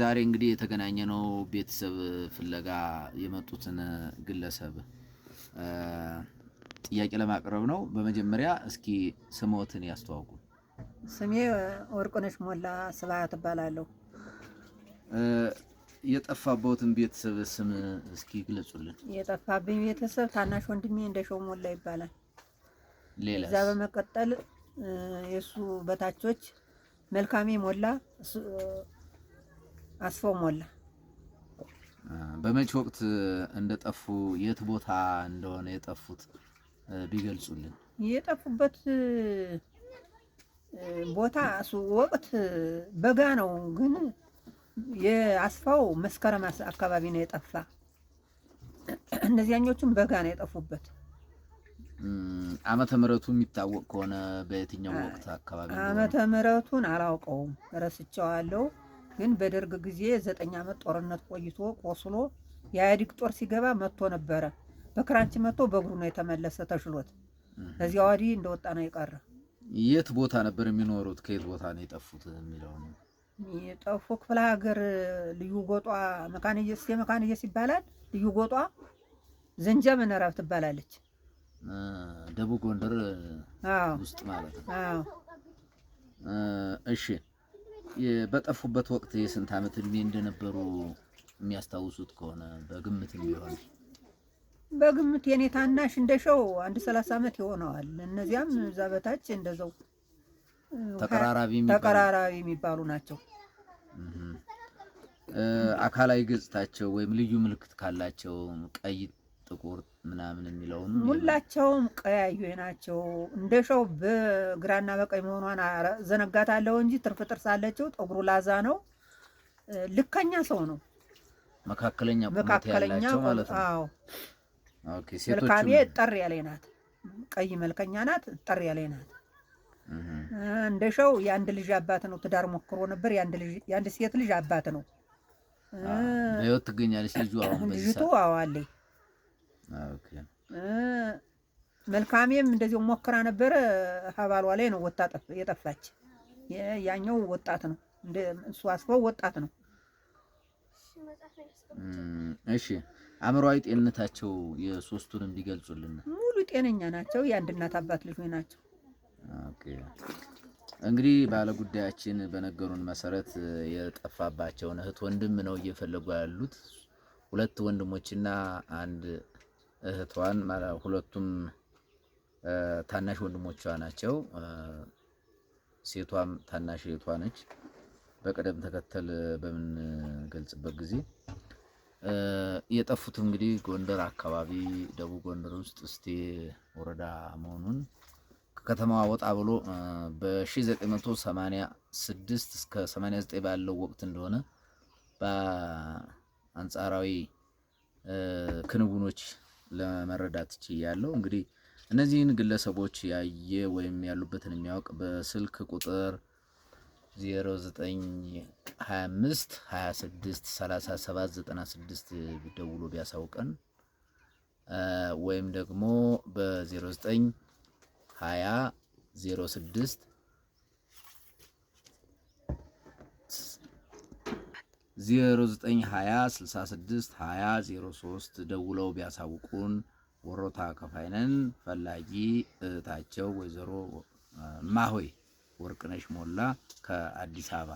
ዛሬ እንግዲህ የተገናኘ ነው ቤተሰብ ፍለጋ የመጡትን ግለሰብ ጥያቄ ለማቅረብ ነው። በመጀመሪያ እስኪ ስሞትን ያስተዋውቁ። ስሜ ወርቅነሽ ሞላ ስብሐት ትባላለሁ። የጠፋበትን ቤተሰብ ስም እስኪ ግለጹልን። የጠፋብኝ ቤተሰብ ታናሽ ወንድሜ እንደሸው ሞላ ይባላል። ሌላ እዛ በመቀጠል የእሱ በታቾች መልካሜ ሞላ አስፋው ሞላ በመቼ ወቅት እንደጠፉ የት ቦታ እንደሆነ የጠፉት ቢገልጹልን። የጠፉበት ቦታ እሱ ወቅት በጋ ነው፣ ግን የአስፋው መስከረም አካባቢ ነው የጠፋ። እነዚያኞቹም በጋ ነው የጠፉበት። ዓመተ ምሕረቱ የሚታወቅ ከሆነ በየትኛው ወቅት አካባቢ? ዓመተ ምሕረቱን አላውቀውም፣ ረስቸዋለሁ። ግን በደርግ ጊዜ ዘጠኝ ዓመት ጦርነት ቆይቶ ቆስሎ የኢህአዴግ ጦር ሲገባ መጥቶ ነበረ። በክራንች መጥቶ በእግሩ ነው የተመለሰ ተሽሎት። ከዚያ ወዲህ እንደወጣ ነው የቀረ። የት ቦታ ነበር የሚኖሩት? ከየት ቦታ ነው የጠፉት የሚለው የጠፉ ክፍለ ሀገር ልዩ ጎጧ መካንየስ የመካንየስ ይባላል። ልዩ ጎጧ ዘንጃ መነራብ ትባላለች። ደቡብ ጎንደር ውስጥ ማለት ነው። እሺ በጠፉበት ወቅት የስንት ዓመት እድሜ እንደነበሩ የሚያስታውሱት ከሆነ በግምት ቢሆን በግምት የኔ ታናሽ እንደሸው አንድ ሰላሳ ዓመት ይሆነዋል። እነዚያም እዛ በታች እንደዛው ተቀራራቢ የሚባሉ ናቸው። አካላዊ ገጽታቸው ወይም ልዩ ምልክት ካላቸው ቀይ ጥቁር ምናምን የሚለውም ሁላቸውም ቀያዩ ናቸው። እንደ ሸው በግራና በቀኝ መሆኗን ዘነጋታለሁ እንጂ ትርፍ ጥርስ አለችው። ጠጉሩ ላዛ ነው። ልከኛ ሰው ነው። መካከለኛ ቁመት ያላቸው ማለት ነው። ኦኬ ሴቶቹ ጠር ያለ ናት። ቀይ መልከኛ ናት። ጠር ያለ ናት። እንደ ሸው የአንድ ልጅ አባት ነው። ትዳር ሞክሮ ነበር። የአንድ ልጅ ሴት ልጅ አባት ነው። ህይወት ትገኛለች ልጁ አሁን በዚህ ሰዓት መልካሜም እንደዚሁ ሞክራ ነበረ። ሀባሏ ላይ ነው ወጣ የጠፋች። ያኛው ወጣት ነው እሱ አስበው ወጣት ነው። እሺ አእምሯዊ ጤንነታቸው የሶስቱን እንዲገልጹልን። ሙሉ ጤነኛ ናቸው። የአንድ እናት አባት ልጆች ናቸው። እንግዲህ ባለጉዳያችን በነገሩን መሰረት የጠፋባቸውን እህት ወንድም ነው እየፈለጉ ያሉት። ሁለት ወንድሞችና አንድ እህቷን ሁለቱም ታናሽ ወንድሞቿ ናቸው። ሴቷም ታናሽ እህቷ ነች። በቅደም ተከተል በምንገልጽበት ጊዜ የጠፉት እንግዲህ ጎንደር አካባቢ ደቡብ ጎንደር ውስጥ እስቴ ወረዳ መሆኑን ከከተማዋ ወጣ ብሎ በ1986 እስከ 89 ባለው ወቅት እንደሆነ በአንጻራዊ ክንውኖች ለመረዳት ችያለሁ። እንግዲህ እነዚህን ግለሰቦች ያየ ወይም ያሉበትን የሚያውቅ በስልክ ቁጥር 0925 26 37 96 ደውሎ ቢያሳውቀን ወይም ደግሞ በ0920 06 0920 66 03 ደውለው ቢያሳውቁን ወሮታ ከፋይነን ፈላጊ እህታቸው ወይዘሮ ማሆይ ወርቅነሽ ሞላ ከአዲስ አበባ